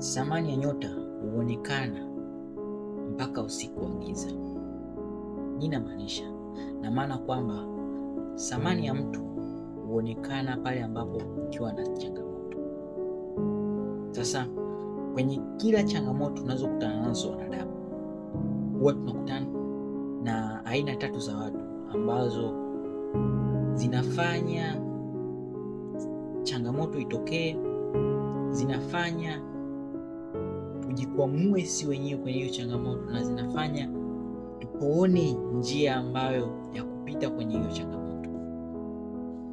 samani ya nyota huonekana mpaka usiku wa giza. Nina maanisha na maana kwamba samani ya mtu huonekana pale ambapo ukiwa na changamoto. Sasa kwenye kila changamoto unazokutana nazo wanadamu, huwa tunakutana na aina tatu za watu ambazo zinafanya changamoto itokee, zinafanya tujikwamue si wenyewe kwenye hiyo changamoto, na zinafanya tuone njia ambayo ya kupita kwenye hiyo changamoto.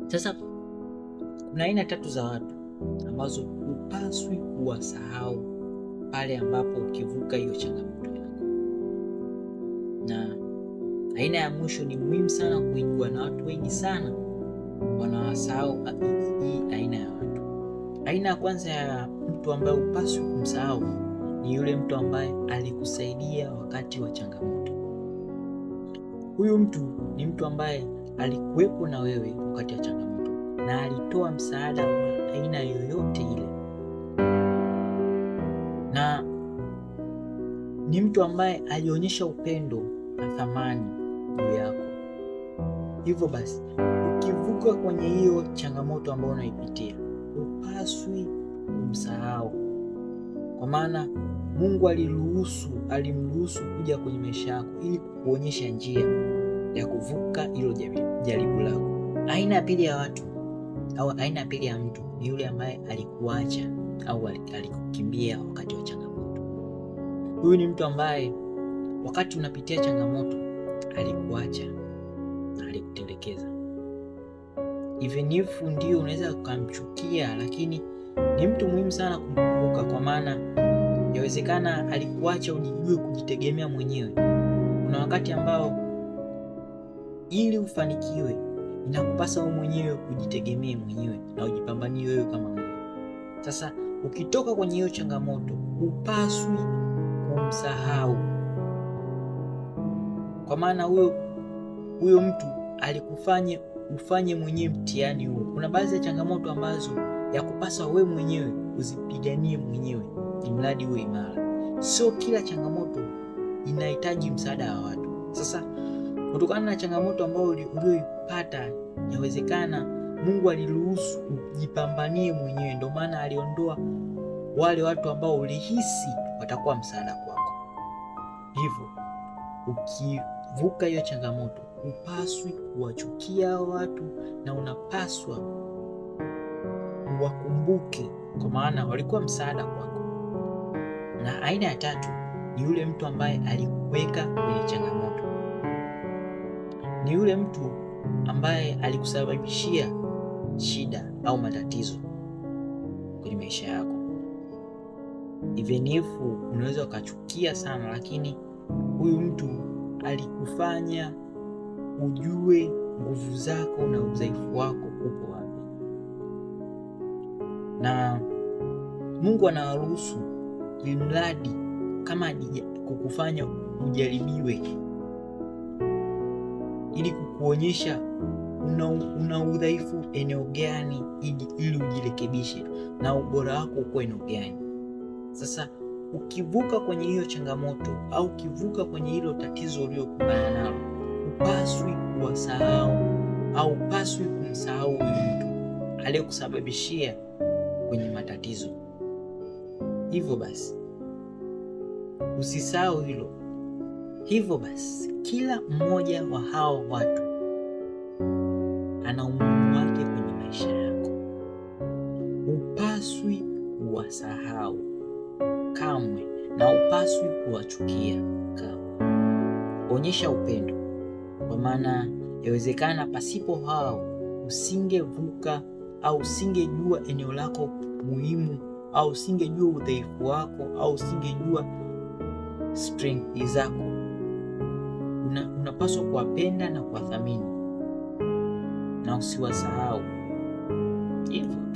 Sasa kuna aina tatu za watu ambazo hupaswi kuwasahau pale ambapo ukivuka hiyo changamoto yako, na aina ya mwisho ni muhimu sana kuijua, na watu wengi sana wanawasahau hii aina ya watu. Aina ya kwanza ya mtu ambaye hupaswi kumsahau ni yule mtu ambaye alikusaidia wakati wa changamoto. Huyu mtu ni mtu ambaye alikuwepo na wewe wakati wa changamoto na alitoa msaada wa aina yoyote ile, na ni mtu ambaye alionyesha upendo na thamani juu yako. Hivyo basi, ukivuka kwenye hiyo changamoto ambayo unaipitia, upaswi kumsahau kwa maana Mungu aliruhusu, alimruhusu kuja kwenye maisha yako ili kukuonyesha njia ya kuvuka hilo jaribu lako. Aina ya pili ya watu au aina ya pili ya mtu ni yule ambaye alikuacha au alikukimbia wakati wa changamoto. Huyu ni mtu ambaye wakati unapitia changamoto alikuacha na alikutelekeza. Even if ndio unaweza ukamchukia, lakini ni mtu muhimu sana kum kuanguka, kwa maana yawezekana alikuacha ujijue kujitegemea mwenyewe. Kuna wakati ambao ili ufanikiwe inakupasa wewe mwenyewe kujitegemee mwenyewe na ujipambanie wewe kama mtu. Sasa ukitoka kwenye hiyo changamoto, hupaswi kumsahau, kwa maana huyo huyo mtu alikufanye ufanye mwenyewe mtihani huo. Kuna baadhi ya changamoto ambazo yakupasa wewe mwenyewe uzipiganie mwenyewe, mradi uwe imara. Sio kila changamoto inahitaji msaada wa watu. Sasa kutokana na changamoto ambayo ulioipata, inawezekana Mungu aliruhusu ujipambanie mwenyewe, ndio maana aliondoa wale watu ambao ulihisi watakuwa msaada kwako. Hivyo ukivuka hiyo changamoto, upaswi kuwachukia watu na unapaswa uwakumbuke kwa maana walikuwa msaada kwako. Na aina ya tatu ni yule mtu ambaye alikuweka kwenye changamoto, ni yule mtu ambaye alikusababishia shida au matatizo kwenye maisha yako. Even if unaweza ukachukia sana, lakini huyu mtu alikufanya ujue nguvu zako na udhaifu wako upo wapi na Mungu anawaruhusu ili mradi kama kukufanya ujaribiwe, ili kukuonyesha una, una udhaifu eneo gani, ili ujirekebishe na ubora wako uko eneo gani. Sasa ukivuka kwenye hiyo changamoto au ukivuka kwenye hilo tatizo uliokumbana nalo, upaswi kuwasahau au upaswi kumsahau mtu aliyekusababishia kwenye matatizo. Hivyo basi usisahau hilo. Hivyo basi kila mmoja wa hao watu ana umuhimu wake kwenye maisha yako, upaswi kuwasahau kamwe na upaswi kuwachukia kamwe. Onyesha upendo, kwa maana yawezekana pasipo hao usingevuka au singejua eneo lako muhimu, au singejua udhaifu wako, au singejua strength zako. Una, unapaswa kuwapenda na kuwathamini na usiwasahau hivyo.